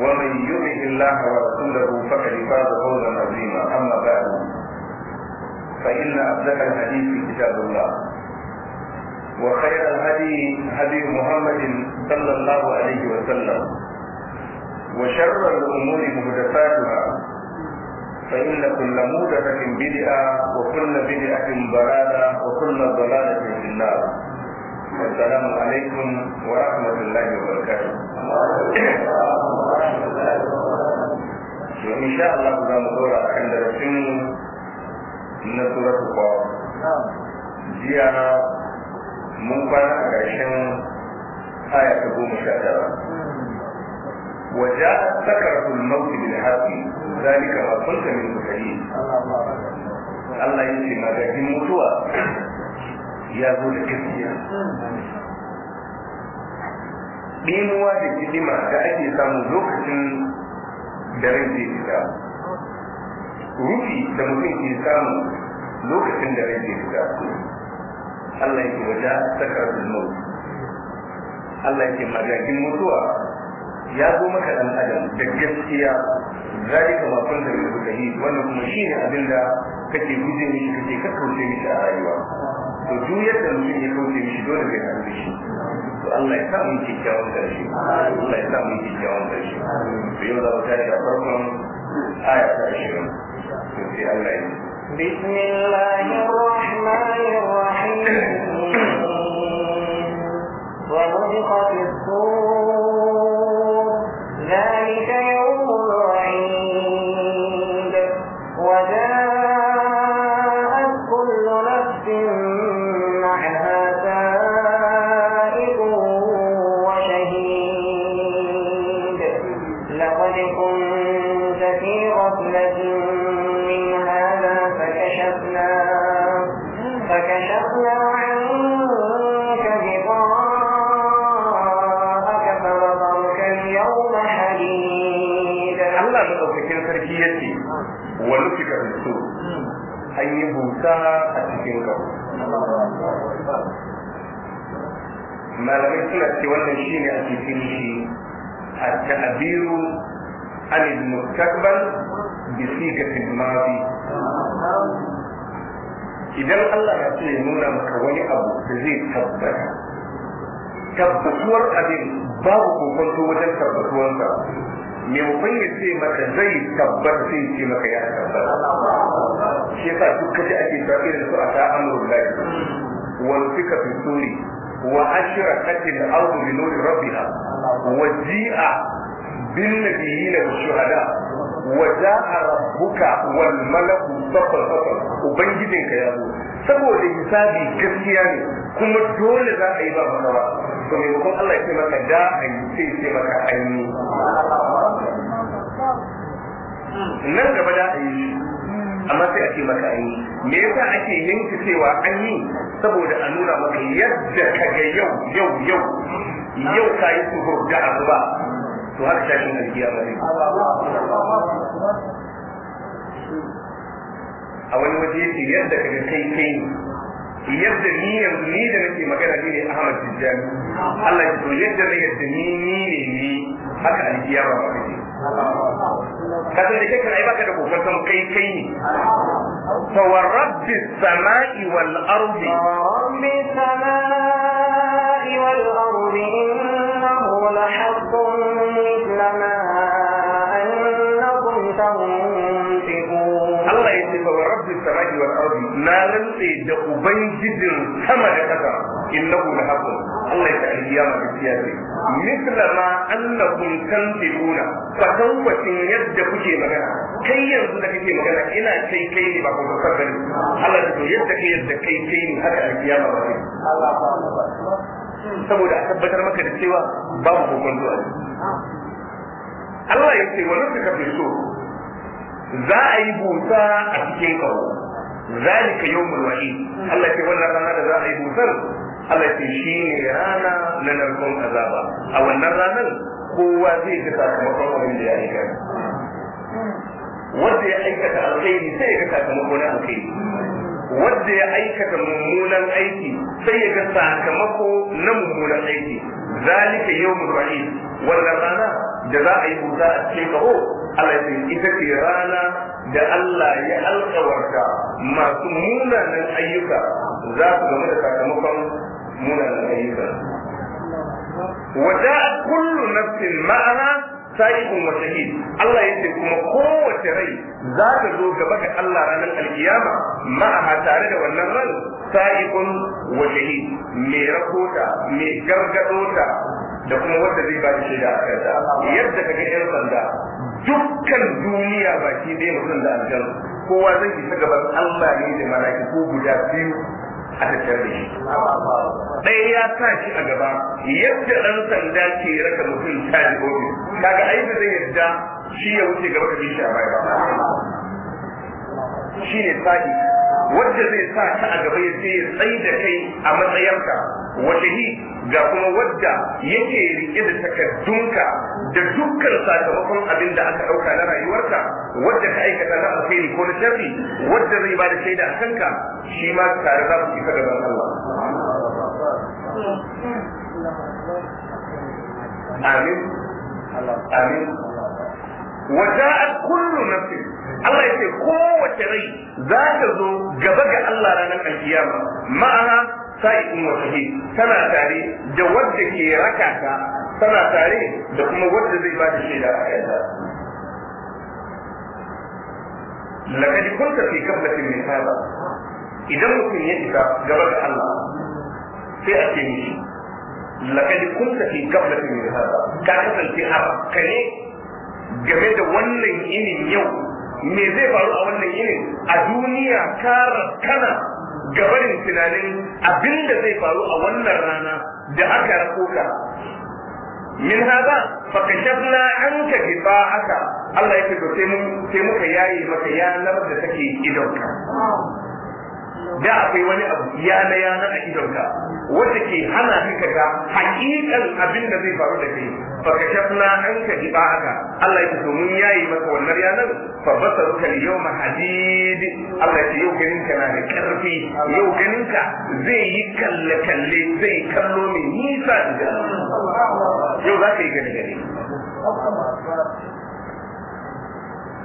ومن يؤمن الله ورسوله فقد فاز فوزا عظيما اما بعد فان اصدق الحديث كتاب الله وخير الهدي هدي محمد صلى الله عليه وسلم وشر الامور محدثاتها فإن كل مودة بدعة وكل بدعة ضلالة وكل ضلالة في النار والسلام عليكم ورحمة الله وبركاته وإن شاء الله قدام دورة عند رسول من سورة القرآن جيانا منقل عشان آية تقوم شاهدها وجاءت سكرة الموت بالحق ذلك ما قلت من سعيد الله يجزي ما تجزي ya zo da gaskiya ɗimuwa da hidima da ake samu lokacin da rai zai fita rufi da mutum ke samu lokacin da rai zai fita Allah yake waje sakar zunubi Allah yake magagin mutuwa ya zo maka dan adam da gaskiya zalika ma da min wannan kuma shine abinda kake guje mishi kake kakkauce mishi a rayuwa to duk yadda mutum ya kauce mishi dole zai haɗu shi to Allah ya sa mu karshe Allah ya sa mu karshe to yau za mu tashi a farkon aya ta ashirin to sai Allah ya بسم الله الرحمن الرحيم الصور ذلك wani fika su an yi busa a cikin kawo malamai suna ce wannan shi ne a cikin shi a ta'abiru an mustaqbal bi sigatil madi idan Allah ya ce nuna maka wani abu da zai tabbata tabbatuwar abin babu kokonto wajen tabbatuwarsa maimakon ya ce maka zai tabbata sai ce maka ya tabbata shi yasa duk ake cewa irin su a ta amrul lahi wal fika fi suri wa ashraqat da ardu bi nuri rabbiha wa ji'a bin shuhada wa ja'a rabbuka wal malaku safan safan ubangijinka ya zo saboda hisabi gaskiya ne kuma dole za a yi ba ba to ne kun Allah ya ce maka da a yi sai ce maka a yi nan gaba da a yi amma sai a ce maka a yi me yasa ake yanki cewa an yi saboda a nuna maka yadda ka ga yau yau yau yau ka yi suhur da abu ba to haka tashin alkiya ba ne a wani waje yadda ka ga kai kai yadda ni ni da nake magana ne Ahmad Tijjani Allah ya so yadda yadda ni ni ne ni haka alkiyama ba ne ka san da kai kana baka da kokar san kai kai ne fa wa rabbi samai wal ardi rabbi samai wal ardi na rantse da ubangijin sama da kasa innahu la haqqun Allah ya alhiya ma gaskiya ce misla ma annakum tanfiquna fa tawbatin yadda kuke magana kai yanzu da kake magana ina kai kai ne ba ku kasar Allah ya to yadda kai yadda kai kai ne haka alhiya ma gaskiya Allah saboda a tabbatar maka da cewa babu zuwa Allah ya ce wa nuka fi so za a yi busa a cikin kawo zalika yawmul wa'id Allah ce wannan rana da za a yi dusar Allah shi ne rana na narkon azaba a wannan ranar kowa zai ji sakamakon abin da ya aikata wanda ya aikata sai ya ga wanda ya aikata mummunan aiki sai ya ga sakamako na mummunan aiki zalika yawmul wa'id wannan rana da za a yi buta a cikin kaho Allah ita ce rana da Allah ya alkawarta masu munanan ayyuka za su gamu da sakamakon munanan ayyuka wata kullu nafsin ma'ana sa'ibun wa shahid Allah yace kuma kowace rai za ta zo gaba ga Allah ranar alkiyama ma'aha tare da wannan ran sa'ibun wa shahid me rakota me gargadota da kuma wanda zai ba shi shaida a kanta yadda kaga yan sanda dukkan duniya baki ɗaya mutum da aljan kowa zai yi isa gaban Allah ne da mala'iku guda biyu a tattare da shi ɗaya ya sa shi a gaba yadda ɗan sanda ke raka mutum ta ji ofis kaga ai ba zai yadda shi ya wuce gaba da bisha bai a ba shi ne sa'i wanda zai sa ka a gaba ya ce ya da kai a matsayarka wajahi ga kuma wadda yake rike da takaddunka da dukkan sakamakon abin da aka ɗauka na rayuwarka wadda ka aikata na alheri ko na sharri wadda zai ba da shaida a kanka shi ma tare za su isa gaban Allah. Amin. Amin. Waja'at na nafsin Allah ya ce kowace rai za ta zo gaba ga Allah ranar alkiyama ma'ana sa’i wa shahid tana tare da wadda ke raka ta tana tare da kuma wadda zai ba da shaida a kanta kun kunta fi qablatin mai hada idan mutum ya isa gaba da Allah sai a ce mishi kun kunta fi qablatin mai hada ka kasance a kane game da wannan inin yau me zai faru a wannan inin a duniya ka kana gabarin tunanin abin da zai faru a wannan rana da aka rako ka min haza fa kashafna anka haka. Allah yake to sai sai muka yaye maka yanar da take idonka da akwai wani abu yana yana a idonka wanda ke hana ka ga hakikan abin da zai faru da kai فكشفنا عنك غباءك الله يكتب من ياي مكة والمريان فبصرك اليوم حديد الله يكتب يوك انك كرفي يوك انك زي يكل كل زي كلو من نيسا يو ذاك يكن غريب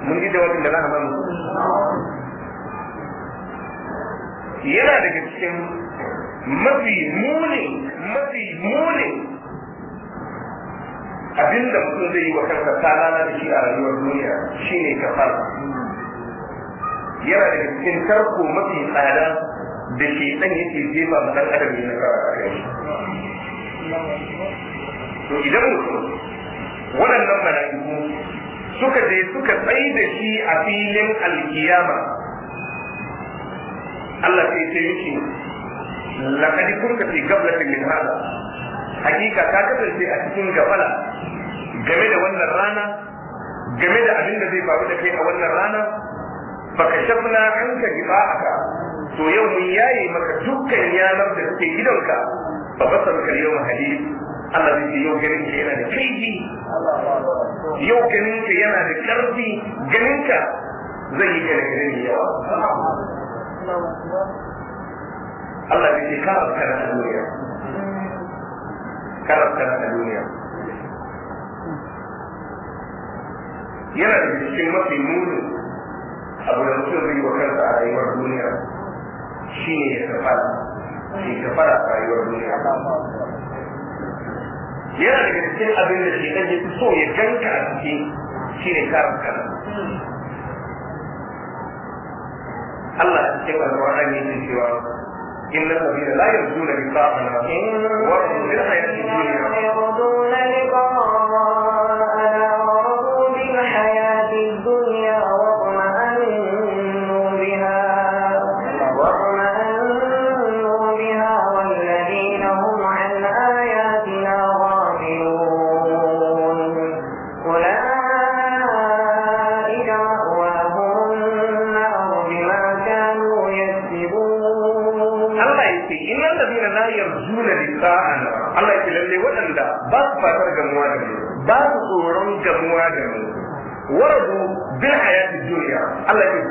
من جي جواب اندلاها من يلا دكتشم مفي موني مفي موني abinda mutum zai yi wa kansa talala da shi a rayuwar duniya shine kafara yana da cikin tarko mafi tsada da ke dan yake jefa mu dan adam ne na kara to idan mutum waɗannan mala'iku suka je suka tsai da shi a filin alkiyama Allah sai ce yake laqad kunta fi qablatin min hada hakika ka kasance a cikin gafala game da wannan rana game da abin da zai faru da kai a wannan rana baka shafna hanka aka, to yau mun yaye maka dukkan yanar da suke gidanka fa basarka yau hadid Allah zai ce yau ganin ka yana da kaifi yau ganin ka yana da karfi ganin ka zai yi gane gane ne yawa Allah zai ce ka afkara duniya karanta a duniya yana da cikin mafi munin abu da mutum zai wa kansa a rayuwar duniya shi ne ya kafara shi kafara a rayuwar duniya yana da cikin abin da shi ya fi so ya ganka a cikin shi ne karin kana Allah ya ce wa zuwa ɗan yi cewa إن الذين لا يرجون لقاءنا وارضوا بالحياة الدنيا يرجون لقاءنا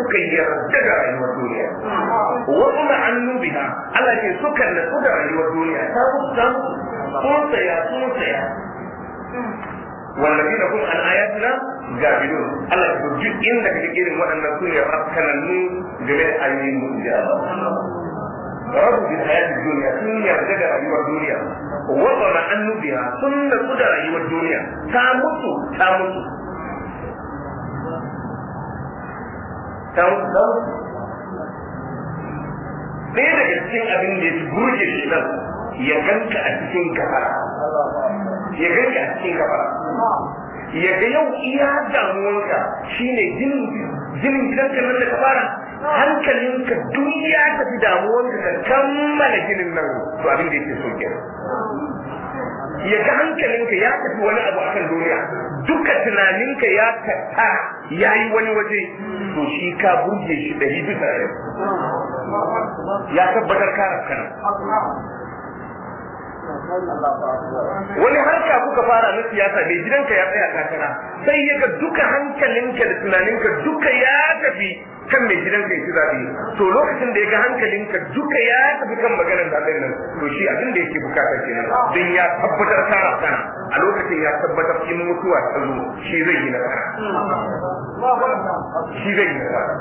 suka yarda da rayuwar biya Allah ke suka nasu da duniya ta kusa an ayatu na ga da ayoyin mutum duniya mutu ta mutu ɗan ɗaya daga cikin abin da ya burge shi nan ya ganka a cikin kafara ya ganka a cikin kafara ya ga yau iya damuwanka shine jinin jinin gidanka nan da kafara hankalinka duniya ta fi damuwanka ka kammala jinin nan to abin da yake so kenan ya ga hankalinka ya tafi wani abu akan duniya duka tunaninka ya tatta ya yi wani waje to shi ka burge shi da bisa ya tabbatar ka raskana wani harka kuka fara na siyasa mai gidanka ya tsaya takara sai ya ga duka hankalinka da tunaninka duka ya tafi kan mai gidanka ya ci zaɓe to lokacin da ya ga hankalinka duka ya tafi kan maganar zaɓen nan to shi abin da yake bukata kenan don ya tabbatar tara sana a lokacin ya tabbatar in mutuwa ta zo shi zai yi nasara shi zai yi nasara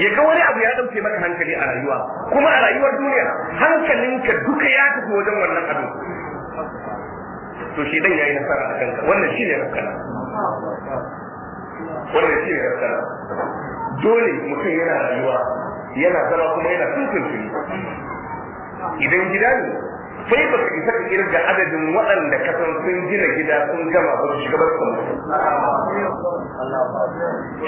ya ga wani abu ya ɗauke maka hankali a rayuwa kuma a rayuwar duniya hankalinka duk tafi wajen wannan abu to shi dan yayi nasara a kanka wannan shi ne wannan shi ne dole mutum yana rayuwa yana zama kuma yana tuntuntuni idan gida ne sai ba ka isa ka kirga adadin waɗanda ka san sun gina gida sun gama ba su shiga ba su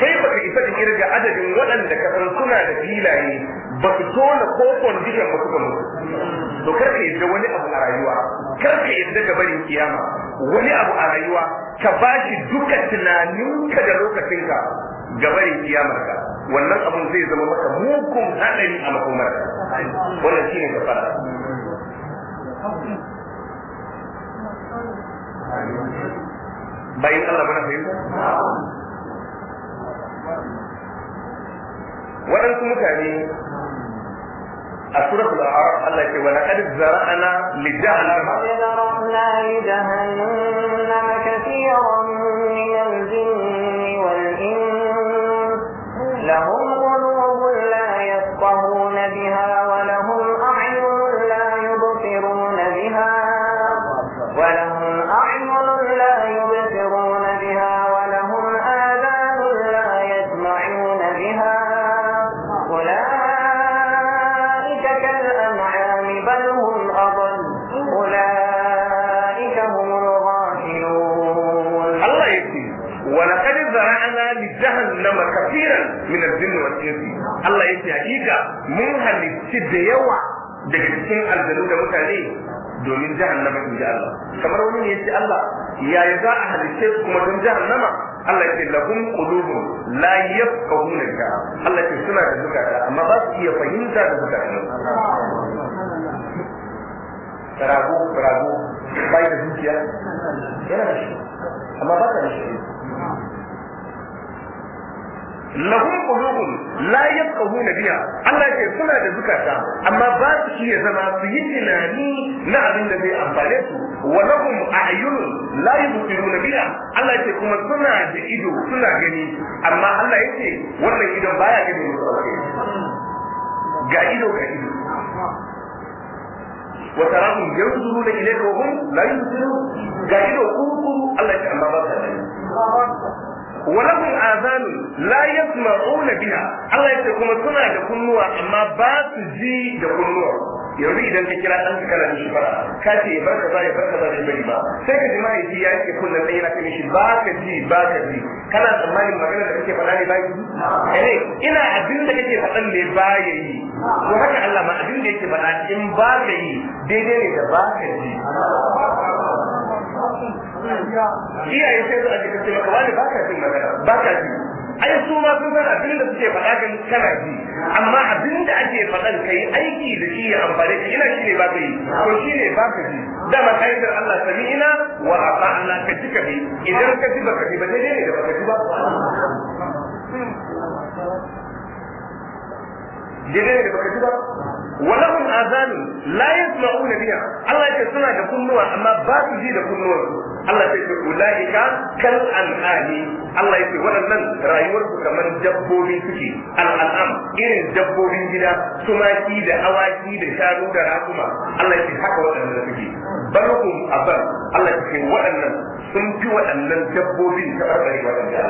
sai ba ka isa ka kirga adadin waɗanda ka san suna da filaye ba su tona ko kondishin ba su mutu to kar ka yadda wani abu a rayuwa kar ka yadda ka barin kiyama wani abu a rayuwa ka bashi duka tunaninka da lokacinka ga barin kiyamarka wannan abun zai zama maka mugun hadari a makomarka wannan shine kafara bayan Allah mana fahimta waɗansu mutane أسرق الأعراف قال لك ولقد زرعنا لجهنم زرعنا لجهنم كثيرا من الجن والإنس لهم قلوب لا يفقهون بها jahannama kafiran min al-jinni wal insi Allah yake hakika mun halitti da yawa daga cikin aljanu da mutane domin jahannama in ji Allah kamar wani ne yace Allah yaya za a halitte kuma don jahannama Allah yake lahum qulubun la yafqahuna ka Allah yake suna da zukata amma ba su iya fahimta da zukata rago amma ba lahum qulubun la yafqahuna biha Allah ya ce suna da zukata amma ba su iya zama su yi tunani na abin da zai amfane su wa lahum a'yunun la yubsiruna biha Allah ya ce kuma suna da ido suna gani amma Allah ya ce wannan idon baya gani musu ga ido ga ido wa wa tarahum yanzuruna ilayka وتراهم ينظرون اليك وهم لا ينظرون قالوا كفروا الله يجعل ما بقى ولهم آذان لا يسمعون بها الله يقول كما سنة كنوا أما بات جي كنوا yanzu idan ka kira ɗan kana da shi ba ka ce bar kaza ya bar kaza bai bari ba sai ka ji ma yaji ya ce kullum ɗaya na kai mishi ba ka ji ba ka ji kana tsammanin magana da kake faɗa ne ba yi ne ina abin da kake faɗan ne ba ya Allah ma abin yake faɗa in ba ka yi daidai ne da ba ka ji iyaye sai su aje kace maka wani baka jin magana baka ji ai su ma sun san abin da suke faɗa kan kana ji amma abin da ake faɗan yi aiki da shi ya amfane ka ina ne baka yi Ko shi ne baka ji Da kai da Allah sami'ina wa Allah ka ji ka bi idan ka ji baka ji ba ne ne da baka ji ba daidai da baka ji ba walahum azanu la yasma'una biha Allah ya ce suna da kunnuwa amma ba su ji da kunnuwansu Allah sai ce ulaika kal an'ami Allah yake waɗannan rayuwar su kamar dabbobi suke an'am irin dabbobin gida tumaki da awaki da shanu da rakuma Allah yake haka waɗannan suke barkum abar, Allah yake waɗannan sun fi waɗannan dabbobin ta ɓarɓare waɗanda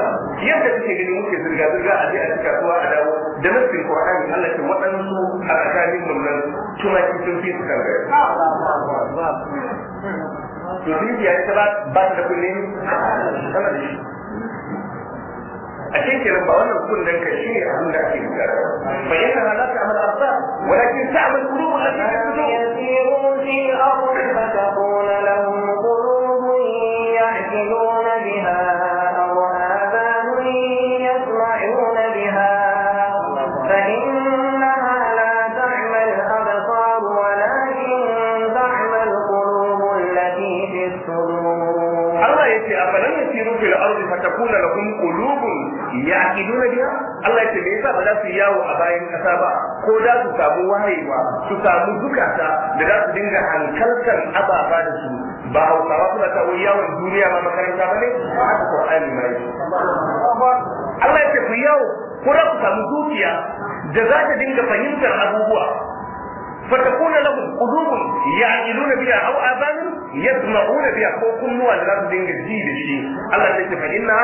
yadda suke gani muke zirga zirga a je a cika kasuwa a dawo da nufin Qur'ani Allah yake ce waɗansu a tsakanin mun nan tumaki sun fi su kan gari to zuciya ita ba ba ta wannan ne abin da ake na za ta amal arsa walakin ta amal yasirun fil ardi lahum qulubun za su yawo a bayan ƙasa ba ko za su samu wayewa su samu zukata da za su dinga hankalkan ababa da su ba hausawa suna ta yawon duniya ba makaranta ba ne ba haka Qur'ani ma Allah ya ce ku yawo ko za ku samu dukiya da za ta dinga fahimtar abubuwa fatakuna lahum qulubun ya'iluna biha aw adanun yasma'una biya ko kunnuwa da za su dinga ji da shi Allah ta ce fa inna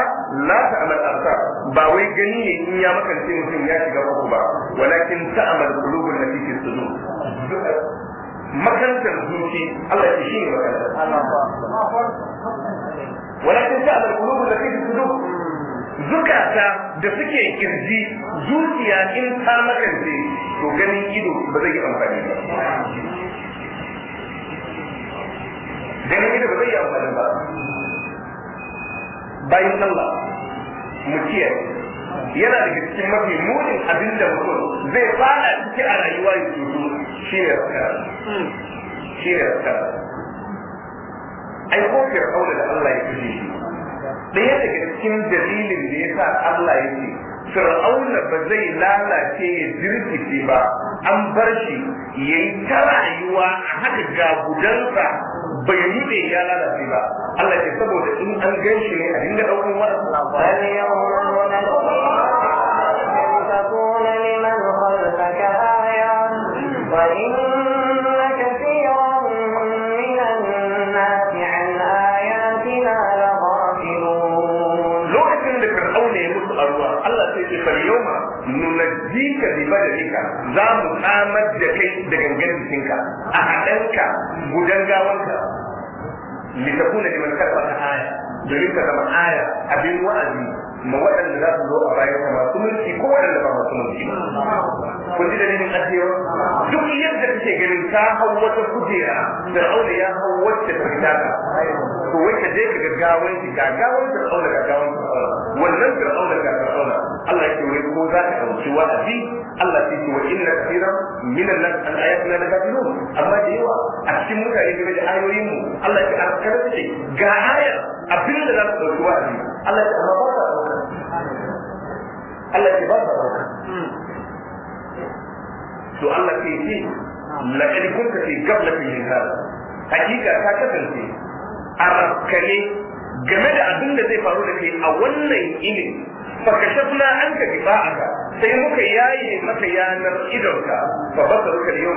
la ta'mal absar ba wai gani ne in ya makance mutum ya shiga uku ba walakin ta'mal qulubul lati fi sudur makantar zuci Allah ya shi ne makantar walakin ta'mal qulubul lati fi sudur zukata da suke kirji zuciya in ta makance to ganin ido ba zai yi amfani ba ganin ido ba zai yi amfani ba bayan Allah mu kiyaye yana daga cikin mafi munin abin da mutum zai fada ciki a rayuwa ya tutu shi ne rakara shi ne rakara ai ko fir'auna da Allah ya kashe shi ɗaya daga cikin dalilin da ya sa Allah ya ce fir'auna ba zai lalace ya jirkice ba an bar shi ya yi ta rayuwa a haka ga gudansa bai rube ya lalace ba Allah ya saboda in an gan shi ne a dinga daukan wadansu amfani ya تكون لمن خلفك آية وإن falyoma nunajjika bi badalika za mu tsamar da kai da gangan jikinka a haɗanka gudan gawanka litakuna liman karɓar aya domin ka zama aya abin wa'azi ma waɗanda za su zo a bayan ka masu mulki waɗanda ba masu mulki kun ji dalilin ajiyar duk yadda kake ganin ka hau wata kujera da aure ya hau wacce ta fita ka to wacce je ka gaggawan ki gaggawan ka aure gaggawan ka wannan ka aure gaggawan Allah ya ce wai ko za ka ɗauki wa'azi Allah sai ce wa inna kaseeran minan nas an ayatuna la kafirun amma da yawa a cikin mutane game da ayoyin mu Allah ya karkata ce ga ayar abin da za su dauki wa'azi Allah ya amma ba ta Allah ya ba ta dauka to Allah sai ce laqad kunta fi qablatin min hada hakika ka kasance a game da abin da zai faru da kai a wannan ilimi fa kashafna anka bifa'aka sai muka yaye maka yanar idonka fa basaruka da yau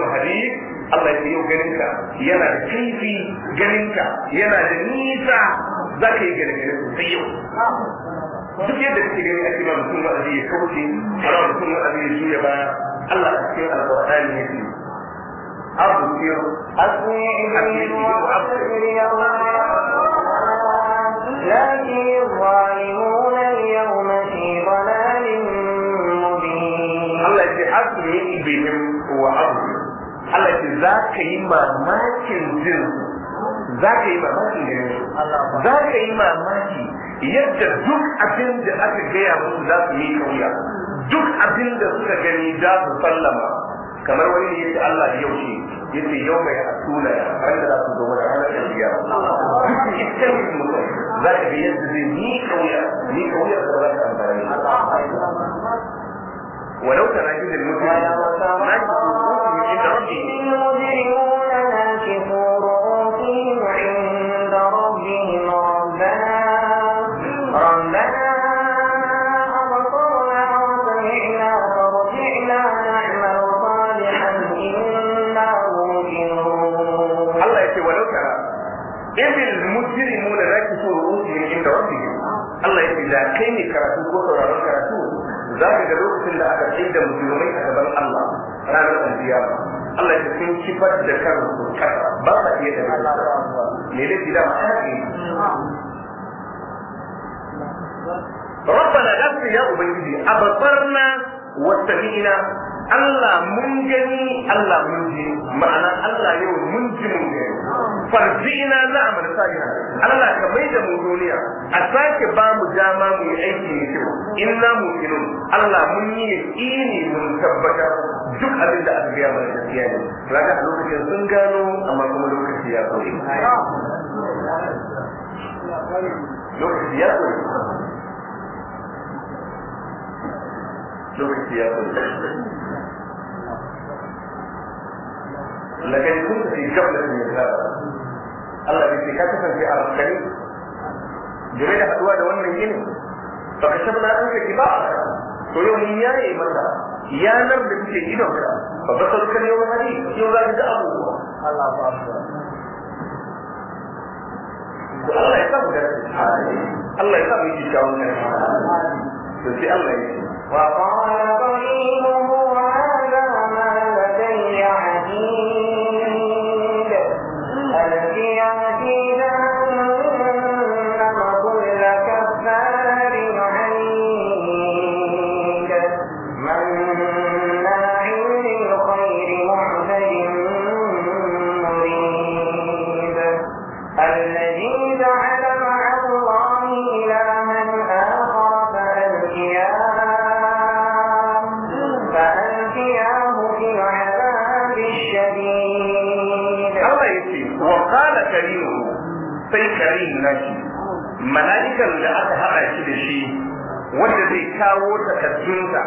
Allah ya yau ganinka yana da kaifi ganinka yana da nisa za ka yi ganin ganin sai yau duk yadda kake gani ake ba mutum wa'azi ya kauce ana mutum wa'azi ya juya Allah a cikin alƙur'ani ya ce أبصر bihim wa abu Allah ce za ka yi mamakin jin za ka yi mamakin gare za ka yi mamaki yadda duk abin da aka gaya mu za su yi kauya duk abin da suka gani za su sallama kamar wani ne yace Allah yau ce yace yau mai asuna ya wanda za su zo mana ranar aljiya duk iskan mutum za ka ga yadda zai ni kauya ni kauya da za ka amfani ولو كان المجرمين ناجزوا من المجرمون ناكفوا رؤوسهم عند ربهم ربنا ربنا أبصرنا وسمعنا نعمل صالحا إنا الله يقول ولو ترى إذ المجرمون ناكفوا عند ربهم za ka ga lokacin da aka tsaye da musulmai a gaban Allah ranar alkiyama Allah ya sun kifar da kansu kasa ba sa iya da me da gida ma haka ربنا غفر يا أبنجي أبصرنا وسمعنا Allah mun gani Allah mun ji ma'ana Allah yau mun ji mun gani farzina na amal salih Allah ka mai da mu duniya a sake ba mu dama mu yi aiki ne kyau inna mu'minun Allah mun yi ni mun tabbata duk abin da aka gaya mana gaskiya ne kaga a lokacin sun gano amma kuma lokaci ya kore lokaci ya kore lokaci ya kore لكن كنت في جبلة من الهدف Allah ya ce ka kasance a raskare game da haduwa da wannan yinin ba ka shabna an ka ki ba to yau ni ya yi maka nan da kuke idonka ba ba sauka ne wani hadi yau za ka ga abubuwa Allah ba Allah ya samu da Allah ya samu da kyawun kai to sai Allah ya ce wa qala bayyinu kwamishinan da aka haɗa shi da shi wanda zai kawo takardunsa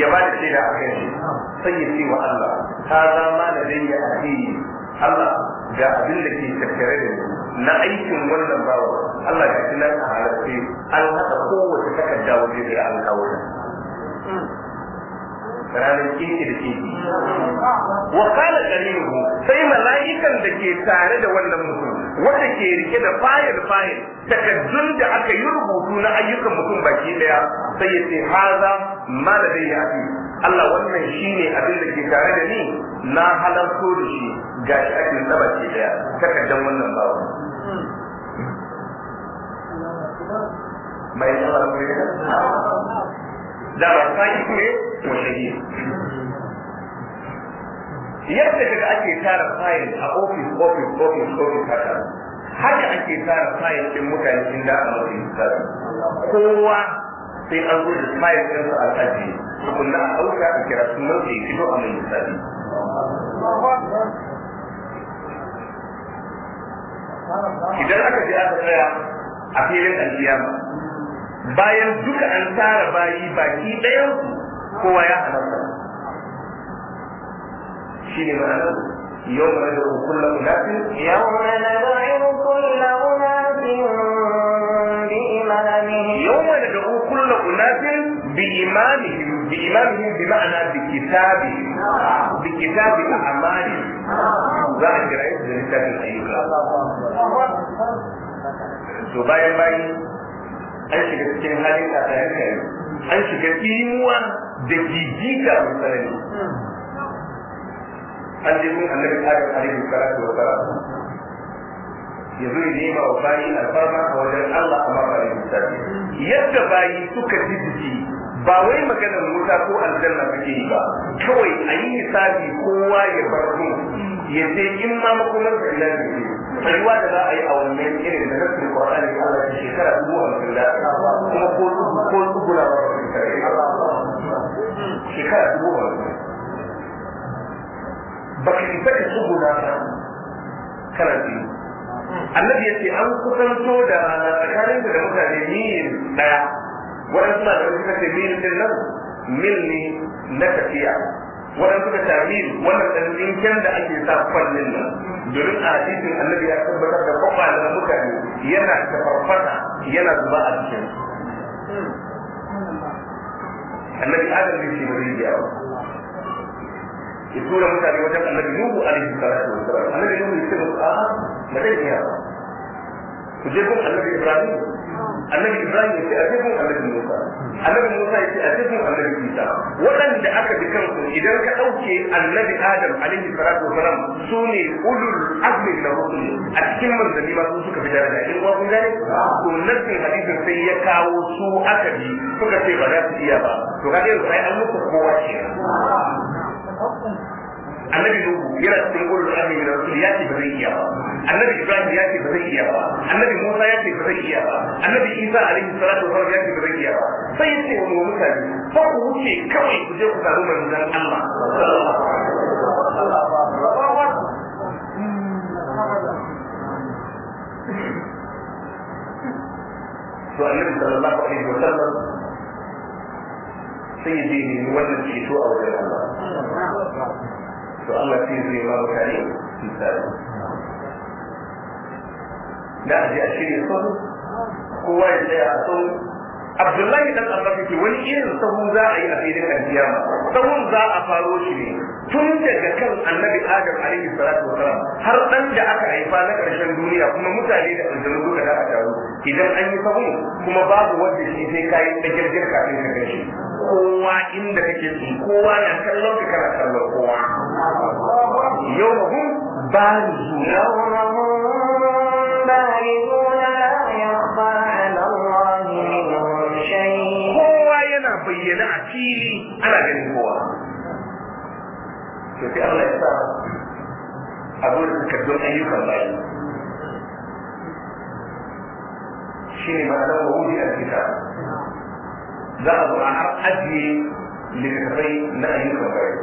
ya ba da shaida a kan shi sai ya ce wa Allah ta zama da dai ya alheri Allah ga abin da ke tattare da ni na aikin wannan bawa Allah ga shi nan a halarci an haɗa kowace takarda waje da an kawo ta ranar kirki da kirki wa kana qarinuhu sai mala'ikan da ke tare da wannan mutum wanda ke rike da fayil fayil takaddun da aka yi rubutu na ayyukan mutum baki daya sai ya ce haza ma ya fi, Allah wannan ne abin da ke tare da ni na halarto da shi gashi ake tsaba ke daya takaddan wannan bawo mai tsaba Da ba dama sa'id ne wa shahid yadda daga ake tara fayil a ofis ofis ofis ofis haka haka ake tara fayil ɗin mutane sun da a mafi misali kowa sai an zo da fayil din su alhaji tukunna a ɗauka a kira sunan ya fito a mai misali idan aka je aka tsaya a filin alkiyama bayan duka an tara bayi baki ɗayan kowa ya halatta shi ne ma'ana yau mai da kulla unafi yau mai da bayan kulla bi imani. bi imani bi ma'ana bi kitabi bi kitabi amali an shiga cikin halin tsakanin kare an shiga imuwa da jijika mai an je sun annabi adam alaihi salatu wa salam ya zo nema wa bayi alfarma a wajen Allah amma ba da misali yadda bayi suka ji jiki ba wai maganar wuta ko aljanna kake yi ba kawai a yi misali kowa ya bar ya ce in ma makomar ka ina ne rayuwa da za a yi a wannan irin da nasu Qur'ani Allah ya shekara dubu hamsin da kuma ko dubu ko dubu na ba shekara dubu hamsin ba ka isa ka dubu na ba kana biyu annabi ya ce an so da rana tsakanin da mutane mil daya waɗansu malamai suka ce mil din nan mil ne na tafiya wannan suka tarwil wannan ɗan da ake sa kwallin nan domin a hadisin annabi ya tabbatar da da mutane yana da farfata yana zuba a cikin annabi adam bai shi bari ya yi tura mutane wajen annabi nuhu alaihi salatu wa salam annabi nuhu ya ce musu a'a ba ku je kun annabi ibrahim annabi ibrahim ya ce a cikin annabi musa annabi musa ya ce a cikin annabi isa waɗanda aka bi kansu idan ka ɗauke annabi adam alaihi salatu wasalam su ne ulul azmi na rusul a cikin manzanni ma su suka fi daraja in kuma kun gane to nassin hadisin sai ya kawo su aka bi suka ce ba za su iya ba to ga dai sai an muku kowa kenan annabi nuhu yana cikin ulul azmi min rasul ya ce ba zai iya ba annabi ibrahim ya ce ba zai iya ba annabi musa ya ce ba zai iya ba annabi isa alaihi salatu wasallam ya ce ba zai iya ba sai ya ce wa mutane ba ku wuce kawai ku je ku samu manzon Allah to annabi sallallahu alaihi wasallam sai ya je ne wannan ceto a wajen Allah to Allah sai zai ba mutane misali da aje a shirya son kowa ya tsaya a son Abdullahi dan Allah yake wani irin sahun za a yi a filin kiyama sahun za a faro shi ne tun daga kan annabi Adam alaihi salatu wasalam har dan da aka haifa na karshen duniya kuma mutane da aljanu duka da aka taro idan an yi sahun kuma babu wanda shi sai kai da girgir kafin ka gashi kowa inda kake kowa na kallon ka kana kallon kowa يوم هم بارزون يوم هم بارزون لا يخفى على الله منهم شيء هو ينا بينا أكيد أنا غني هو to sai Allah ya sa abin da suka don ayyukan bayi shi ne ma'anar wa wuri a kita za a zo a har ajiye littattafai na ayyukan bayi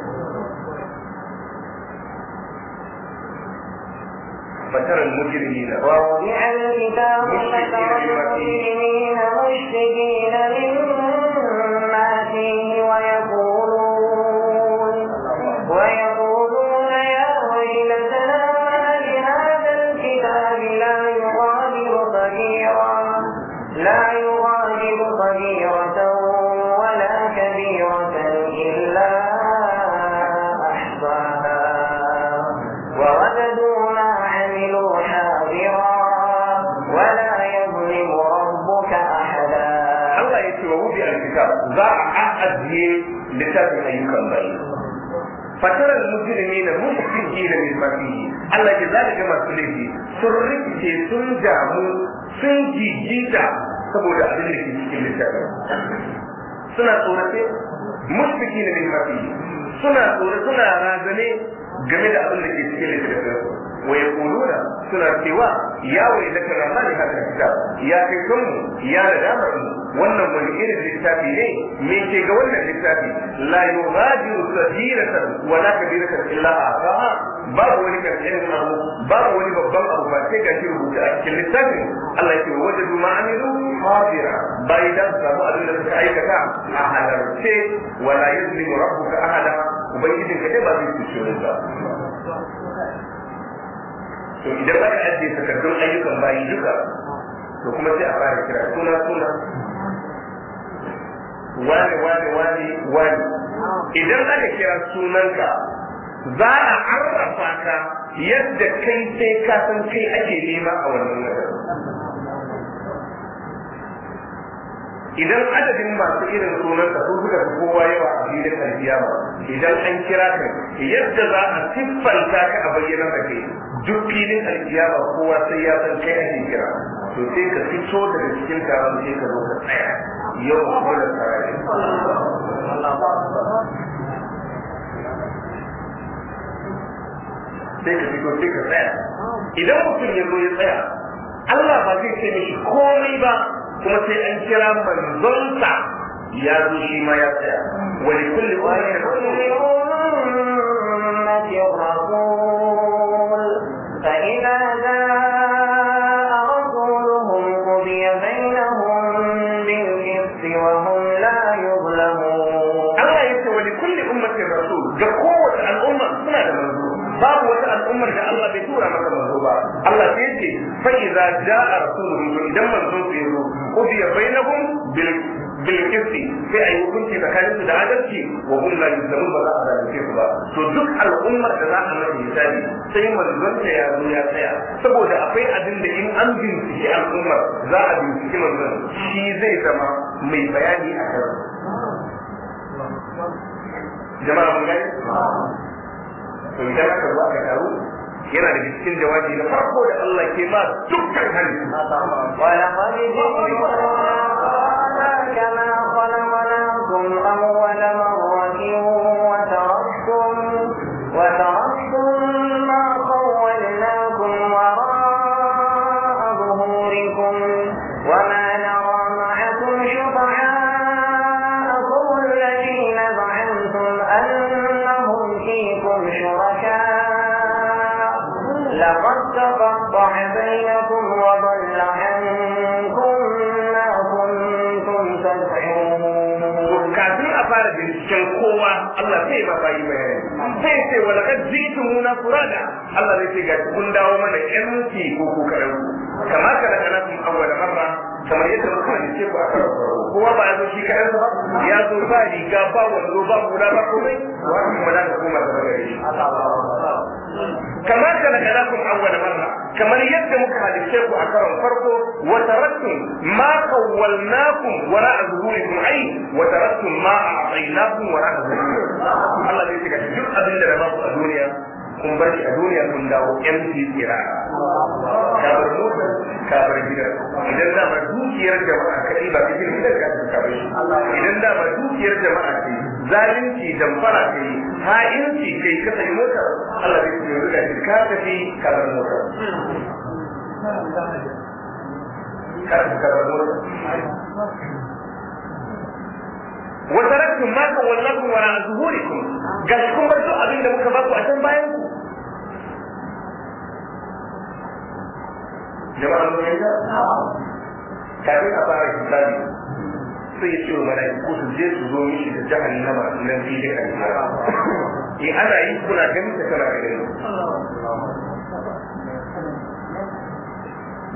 فترى المجرمين راضي عن الكتاب فترى المجرمين مشفقين منه فترى المجرمين مشفقين مما فيه الله جزاك كما sun سرقت سنجامو سنجي جيتا سبودا ke cikin littafi, suna tsorace mushfiki na mafi suna suna razane game da abin da ke cikin littafin wa ya kuluna suna cewa ya wai da kan ramani ya kai ya da damar wannan wani irin littafi ne me ke ga wannan littafi la yughadiru kabiratan wa la kabiratan illa ahsaha babu wani kabirin abu babu wani babban abu ba sai ga shi rubuta a cikin littafi. Allah ya ce wajadu ma amilu hadira bai da samu abin da suka aikata a halarce wala yuzlimu rabbuka ahada ubangijin ka dai ba zai cuce wani ba to idan ba ya ajiye takardun ayyukan bayi duka to kuma sai a fara kira suna suna wani wani wani wani idan aka kira sunanka za a arrafa ka yadda kai sai ka san kai ake nema a wannan wajen idan adadin masu irin sunanka sun suka fi kowa yawa a filin alkiyama idan an kira ka yadda za a siffanta ka a bayyana da kai duk filin alkiyama kowa sai ya san kai ake kira to sai ka fito daga cikin taron sai ka zo ka tsaya yau kula sarari sai ka ka idan mutum ya zo ya tsaya Allah ba zai ce mishi komai ba kuma sai an kira manzonsa ya zo shi ma ya tsaya wani kulli wani rasul فإذا Allah sai yake za idza jaa rasuluhum to idan manzon su yazo biya bai na bil qisti sai ayi hukunci tsakanin su da adalci wa hum la yuzlamun ba za a zalunce su ba to duk al'ummar da za a mata misali sai manzon ta ya zo ya tsaya saboda akwai abin da in an bincike al'ummar za a binciki manzon shi zai zama mai bayani a kan jama'a mun gani to idan aka zo aka taro? yana da cikin jawabi na farko da Allah ke ma dukkan hali. wa laqad ji'nakum kama khalaqnakum awwala Allah zai ce ga kun dawo mana ko kama kana kun marra kamar yadda muka ne ce ba kowa ba ya zo shi karan ba ya zo ba riga ba ba ba komai wa da kuma da gare shi kama kana kun awwala marra kamar yadda muka halice ku a karon farko wa tarattum ma qawwalnakum wara wa ma a'tainakum wara Allah zai ce duk abin da ba ku a duniya kun bar shi a duniya kun dawo MP kira ka bar mota ka bar gida idan da ba dukiyar jama'a ka ba ka gina gidan ka ka bar idan da ba dukiyar jama'a ce zalunci damfara ce ha'inci kai ka sai mota Allah zai yi ruga ka tafi ka bar mota kar ka bar mota وتركتم ما تولكم وراء ظهوركم قال لكم برضو أبين لك باكو أتن بايكم jama'a zai yi kafin a fara hisabi sai ce wa mala'iku su je su zo mishi da jahannama nan filin alkiyama in ana yi kuna ganin ta kana ganin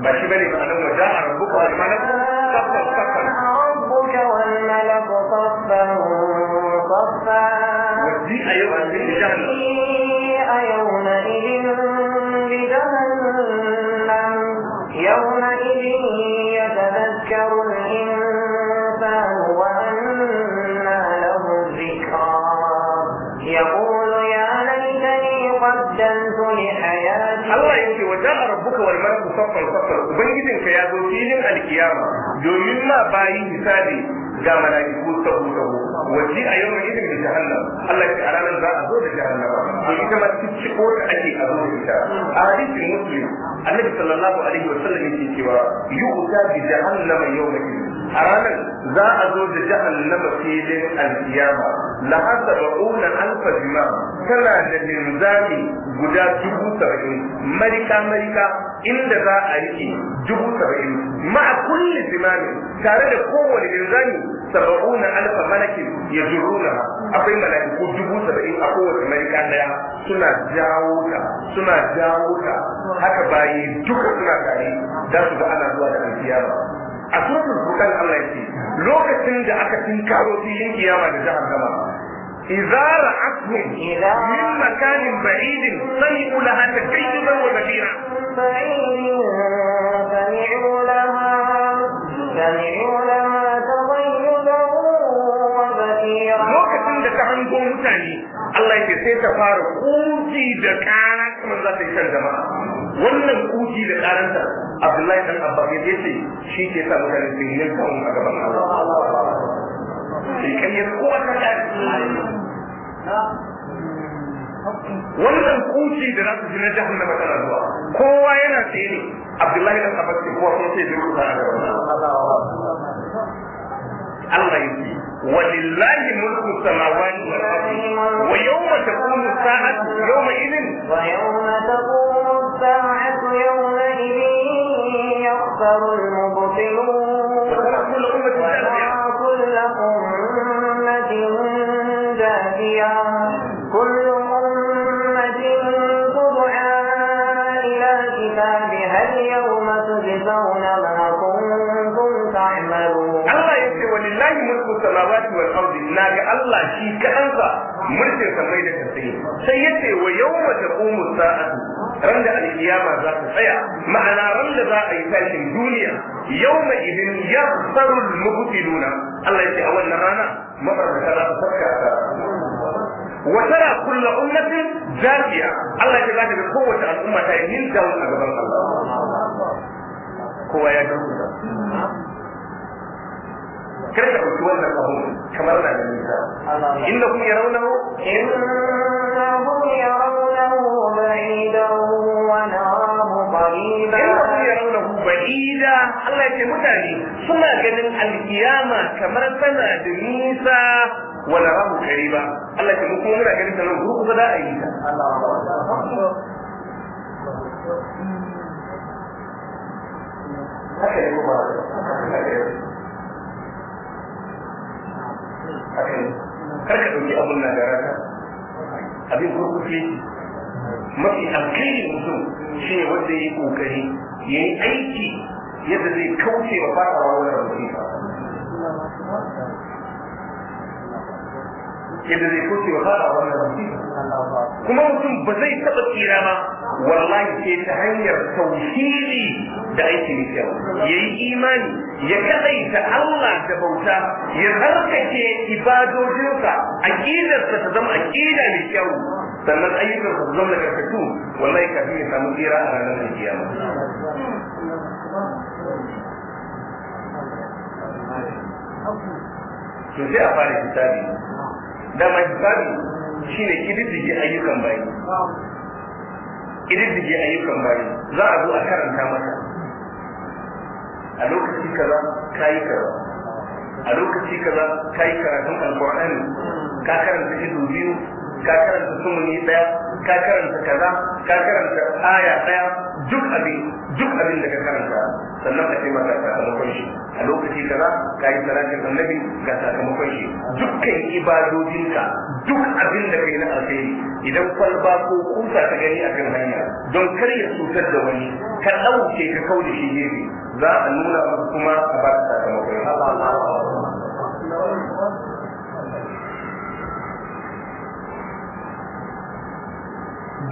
ba shi bane ba nan wajen a rabu rabbuka wal malak saffan saffan a yau a wajen rabbuka wal malaku saffan saffan ubangijinka ya zo filin alkiyama domin ma bayi hisabi ga malaiku sabu sabu waje a yau idin da jahannan. Allah ya a ranar za a zo da jahannama to ita ma cikin ko da ake a zo da ita a hadisin Musulmi, annabi sallallahu alaihi wa sallam yake cewa yu'ta bi jahannama yawma idin a ranar za a zo da jahannama filin alkiyama la hasa ba'una alfa jima tana da linzami guda dubu saba'in marika marika inda za a yi dubu saba'in ma'a kulli zimamin tare da kowane linzami na alfa malakin ya na akwai mala'iku dubu saba'in a kowace marika daya suna jawo ta suna jawo ta haka bayi duka suna tare za su ga ana zuwa da ba a suratul furqan Allah lokacin da aka tinkaro filin kiyama da jahannama إذا رأتهم إذا من مكان بعيد سمعوا لها تكيفا وزفيرا da mutane Allah ya sai ta fara kuki da kara kuma za ta yi kan jama'a wannan kuki da karanta Abdullahi dan Abbas ya ce shi ke sa mutane sun yi kan a gaban Allah لكي يبقوا wannan kunci da nasu shi na jahannama tana zuwa kowa yana tsaye ne abdullahi dan abbas ko kuma sai duk da Allah ya ce ولله ملك السماوات والارض ويوم تقوم الساعه يومئذ ويوم تقوم الساعه يومئذ يخسر المبطلون ناديا كل أمة تدعى إلى كتابها اليوم تجزون ما كنتم تعملون الله يقول ولله ملك السماوات والأرض ناجي الله شيء كأنفا mulkin samai da kasai sai yace wa yawma taqumu sa'atu ran da alkiyama za ta tsaya ma'ana ran da za a yi tashin duniya yawma idin yasarul mubtiluna Allah yace a wannan rana mabarka za ta sarka wa tara kullu ummatin jafiya Allah ya zaka ga kowace al'umma ta yi nin down a gaban Allah kowa ya ga kada ka ɗauki wannan abun kamar na da nisa inda kun yarau na innahum yarawnahu ba'idan wa narahu qariban innahum yarawnahu ba'ida Allah ya mutane suna ganin alkiyama kamar tana da nisa wa narahu ba? Allah ya mu kuma muna ganin ta nan gurku za a ta haka ne ba kar ka ɗauki abun na gara ta abin kurkuce mafi alkhairi mutum shi ne wanda ya yi ƙoƙari ya yi aiki yadda zai kauce wa fatawa wannan rubuta yadda zai kuce wa fara wannan musiba kuma mutum ba zai taɓa tsira ba wallahi ke ta hanyar tauhidi da aiki mai kyau ya yi imani ya kaɗaita Allah da bauta ya harkake ibadojinsa aƙidarsa ta zama aƙida mai kyau sannan ayyukan su zama da karkatu wallahi kafin ya samu tsira a ranar kiyama to sai a fara kitabi da shi shine kididdige ayyukan bayi kididdige ayyukan bayi za a zo a karanta maka a lokaci kaza kayi kaza a lokaci kaza kayi karatun alqur'ani ka karanta ido biyu ka karanta sumuni daya ka karanta kaza ka karanta aya daya duk abin duk abin da ka karanta sannan a ce sakamakon shi a lokaci kaza ka yi salatin annabi ga sakamakon shi dukkan ibadodinka duk abin da kai na alheri idan kwalba ko kusa ta gani a kan hanya don kar ya cutar da wani ka ɗauke ka kauda shi gefe za a nuna maka kuma a ba ka sakamakon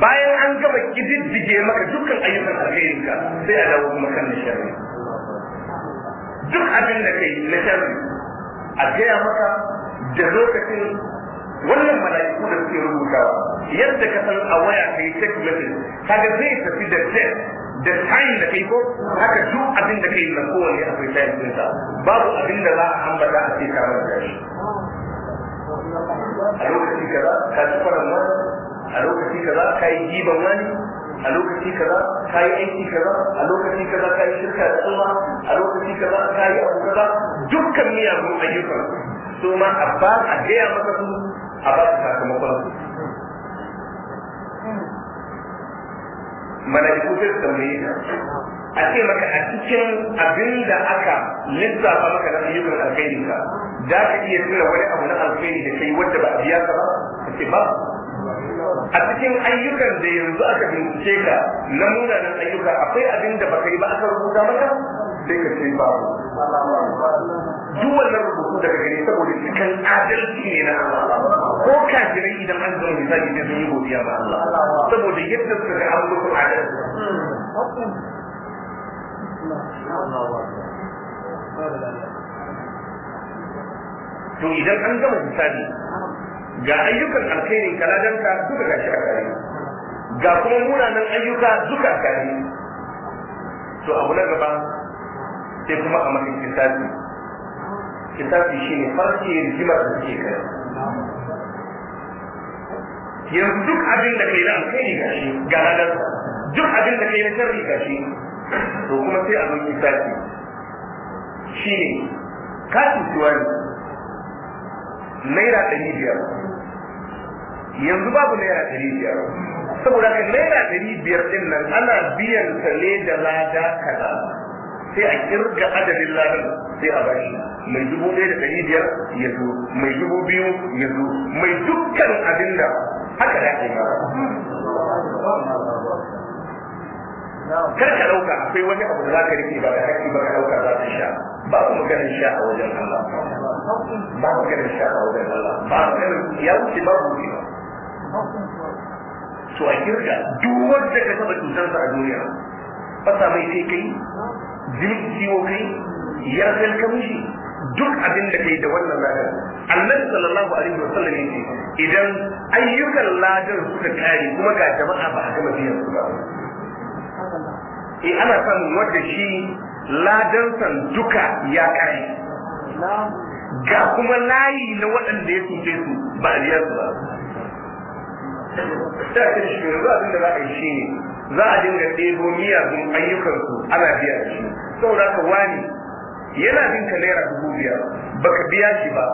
bayan an gaba kididdige maka dukkan ayyukan alkhairinka sai a dawo kuma kan sharri duk abin da kai na shari'a a gaya maka da lokacin wannan mala'iku da suke rubutawa yadda ka san a waya kai text message kaga zai tafi da text da time da kai ko haka duk abin da kai na kowane akwai time din sa babu abin da za a ambata a ce kamar da shi a lokacin kaza ka ci faran a lokaci kaza ka yi giban wani a lokaci kaza ka yi aiki kaza a lokaci kaza ka yi shirka da tsuma a lokaci kaza ka yi abu kaza dukkan miyagun ayyukan su ma a ba a gaya maka su a ba su sakamakon su mana iko sai su tambaye ka a ce maka a cikin abin da aka lissafa maka na ayyukan alkhairi ka za ka iya tuna wani abu na alkhairi da kai wanda ba a biya ka ba ka ce ba a cikin ayyukan da yanzu aka bincike ka na munanan ayyuka akwai abin da baka yi ba aka rubuta maka sai ka ce ba duk wannan rubutu daga gani saboda cikin adalci ne na Allah ko kafirai idan an zama misali ne sun yi godiya ba Allah saboda yadda suka ga an mutu adalci to idan an gama misali ga ayyukan alkhairi kaladanka duka ga a kare ga kuma munanan ayyuka duka a kare to abu na gaba sai kuma a maka kitabi kitabi ne farki rigimar da suke kai yanzu duk abin da kai na alkhairi shi ga ladanka duk abin da kai na sharri shi, to kuma sai a mafi kitabi shi ka tutuwa ne naira ɗari biyar yanzu babu naira ɗari biyar saboda ka naira ɗari biyar ɗin nan ana biyan ta ne da lada kaza sai a kirga adadin ladan sai a bashi. mai dubu ɗaya da ɗari biyar ya zo mai dubu biyu ya zo mai dukkan abin da haka da ake kar ka ɗauka akwai wani abu da za ka rike ba da haƙƙi ba ka ɗauka za ka sha ba ku maganin sha a wajen Allah ba ku ganin shafa wajen Allah ba ku ganin ya wuce ba ku wuce to a kirga duk wanda ka taba cutarsa a duniya fasa mai sai kai jinin ciwo kai ya san ka mishi duk abin da kai da wannan ladar annabi sallallahu alaihi wa sallam yace idan ayyukan ladar suka kare kuma ga jama'a ba a gama biyan su ba eh ana samun wanda shi ladansan duka ya kare ga kuma layi na waɗanda ya tuke su ba a biya su ba ta ce shi za a da za a yi shi ne za a dinga ɗebo miyagun ayyukansu ana biya shi saboda ka wani yana bin ka naira dubu biyar ba ka biya shi ba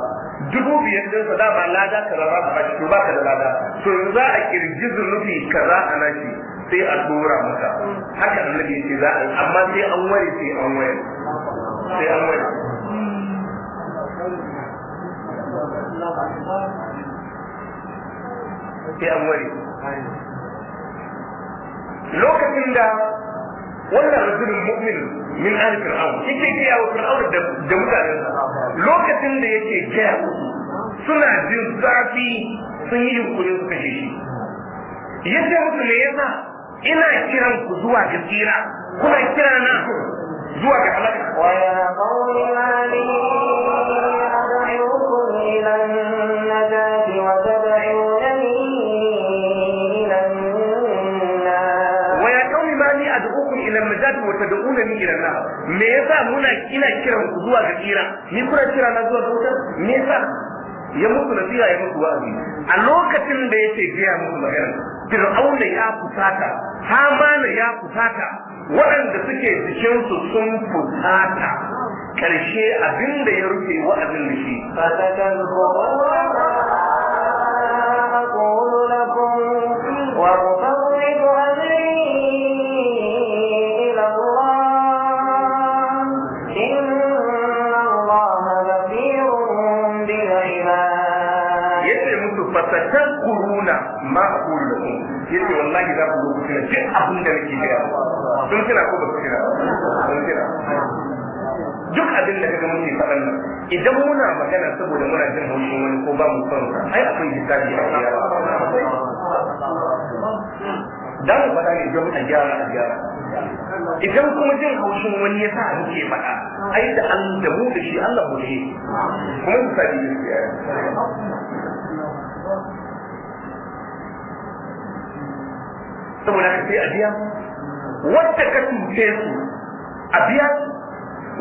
dubu biyar din sa ba lada ka ba ba shi ba ka da lada So za a kirji zunubi kaza a nashi sai a dora maka haka nufi ce za a amma sai an ware sai an ware sai an ware lokacin da wannan rasulun mu'min min an fir'aun wa fir'aun da mutanen lokacin da yake gaya suna jin zafi sun yi yunkurin su kashe shi ya ce musu ya sa ina kiran ku zuwa ga tsira kuna kira na zuwa ga halaka ni iran na me yasa muna ina kiran ku zuwa ga kira ni kuna kira na zuwa ga wuta me yasa ya mutu nasiha ya mutu wa'azi a lokacin da yake gaya musu magana fir'auna ya fusata hamana ya fusata waɗanda suke su sun fusata ƙarshe abin da ya rufe wa'azin da shi ta ta suna duk abin da nake kira sun kira ko ba su kira sun kira duk abin da kaga muke faɗan nan idan muna magana saboda muna jin haushin wani ko ba mu son ai akwai hisabi a kiyar da mu faɗa ne don a gyara a gyara idan kuma jin haushin wani ya sa muke faɗa ai da an da mu da shi Allah mu ne kuma hisabi ne saboda ka sai a biya wadda ka cuce su a biya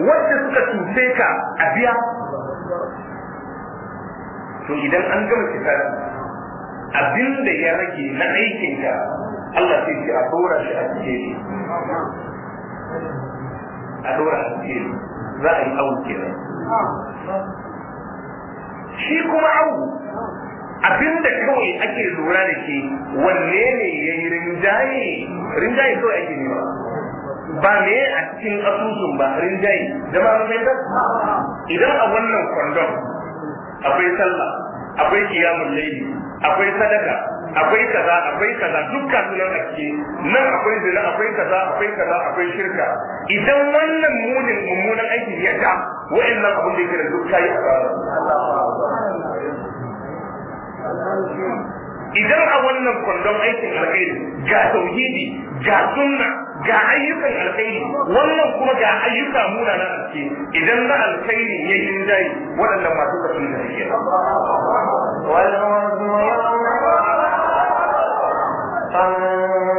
wadda suka cuce ka a biya to idan an gama kitab abin da ya rage na aikinka Allah sai ki a dora shi a cikin shi a dora a cikin za a yi awu kenan shi kuma awu Abin da kawai ake lura da shi wanne ne ya yi rinjaye rinjaye kawai ake nema ba me a cikin asusun ba rinjaye da ba mai ba idan a wannan kwandon akwai sallah akwai kiyamun laifi, akwai sadaka akwai kaza akwai kaza dukkan sunan a ke, nan akwai zina akwai kaza akwai kaza akwai shirka idan wannan munin mummunan aiki ya ta wa'annan abin da ya da duk kayi a idan a wannan kwandon aikin alkhairi ga tauhidi ga sunna ga ayyukan alkhairi wannan kuma ga ayyuka muna na alke idan na alkhairi ya yi rinjaye waɗannan masu kasan da ke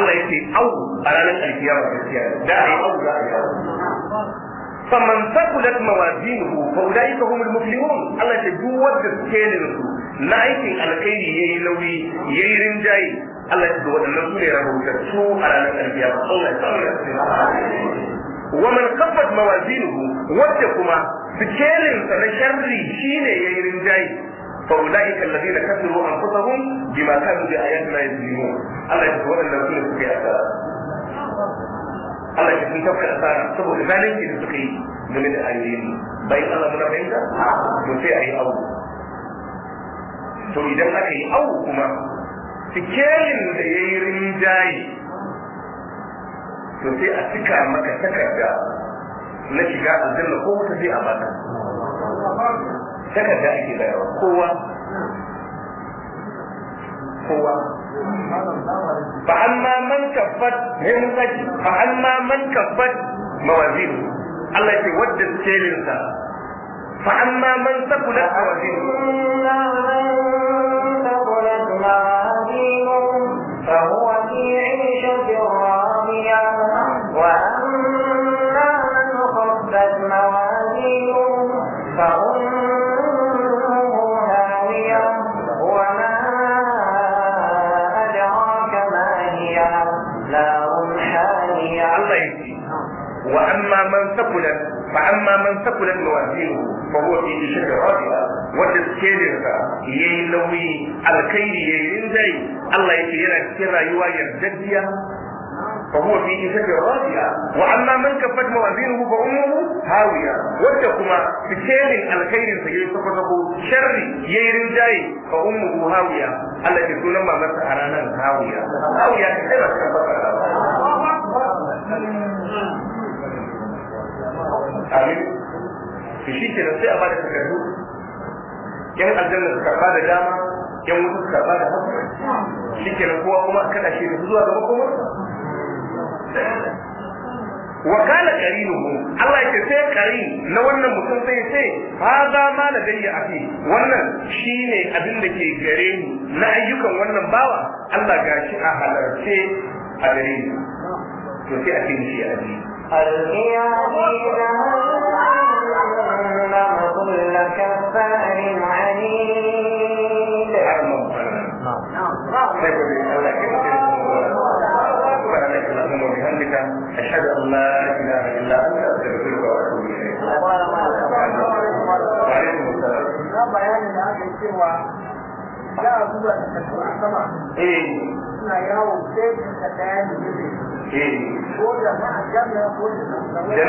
Allah ya ce au a ranar alkiyama gaskiya da au za a yawo faman sakulat mawazinuhu fa ulaika humul muflihun Allah ya ce duk wanda skelin su na aikin alkhairi yayi nauyi yayi Allah ya ce su ne rahotar su a ranar Allah ya tsare su فأولئك الذين كفروا أنفسهم بما كانوا بآياتنا يظلمون الله يقول أن رسول سكي أسارة Allah ya sun tafka asara saboda zalunci da suka yi game da ayoyin bai Allah muna fahimta to sai a yi awu to idan aka yi awu kuma sikelin da ya yi rinjaye to a cika maka takarda na shiga aljanna ko wata a baka takarda ake bayarwa kowa kowa fa amma man kaffat min fa amma man kaffat mawazin Allah ya wadda sa fa amma man sakulat mawazin Allah amma man sakulat mawazinu fa huwa fi shirri rabi'a wanda skellinsa yayi nauyi alkhairi yayi rinjayi Allah yake yana cikin rayuwa yardajjiya فهو في شكل راجعة وأما من كفت موازينه فأمه هاوية وجهكما بخير الخير سيصفته شر يرين فأمه هاوية التي تنمى مسحرانا هاوية هاوية كثيرة amin to shi ke sai a bada takardu yan aljanna su karba da dama yan wuta su karba da hagu shi ke kowa kuma kada shi da zuwa ga makomarsa wa kana qarinuhu Allah yake sai qari na wannan mutum sai sai hada ma la dayya afi wannan shine abin da ke gare ni na ayyukan wannan bawa Allah gashi a halarce a gare ni to sai a ce shi aji هل هي في جهنم كل كفار عنيد سبحانك اللهم وبحمدك اشهد ان لا اله الا انت استغفرك واتوب اليك. وعليكم السلام. yara zuwa da sama suna yawon sai da kayan da ko da da na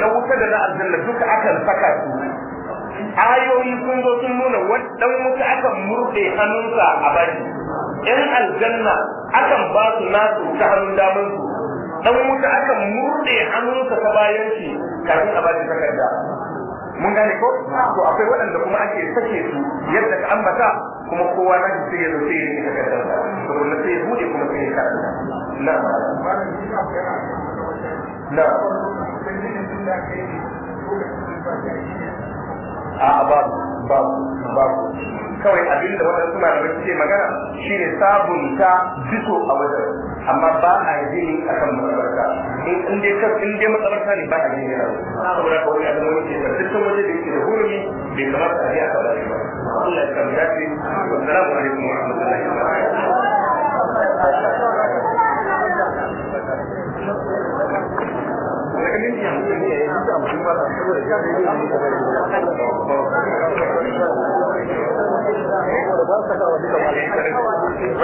wuta da na aljanna duka akan saka su ayoyi sun zo sun nuna wadan wuta akan murɗe hannunsa a baki yan aljanna akan ba su nasu ta hannun daman su dan wuta akan murɗe hannunsa ta bayan shi kafin a baki takarda mun gane ko to akwai waɗanda kuma ake sake su yadda ka ambata kuma kowa na shi sai ya zo sai ya rike takardar to kuma sai ya bude kuma sai ya karanta ba na a babu ba babu kawai abin da waɗansu malamai suke magana shine sabunta biso a wajen amma ba a yi a kan matsalarka in dai kan in dai matsalarka ne ba a yi ne saboda ka wani abin wani ke da dukkan waje da yake da hurumi bai kamata a yi a kan ba Allah ya kamata ce. wa salamu alaikum wa rahmatullahi wa barakatuh ba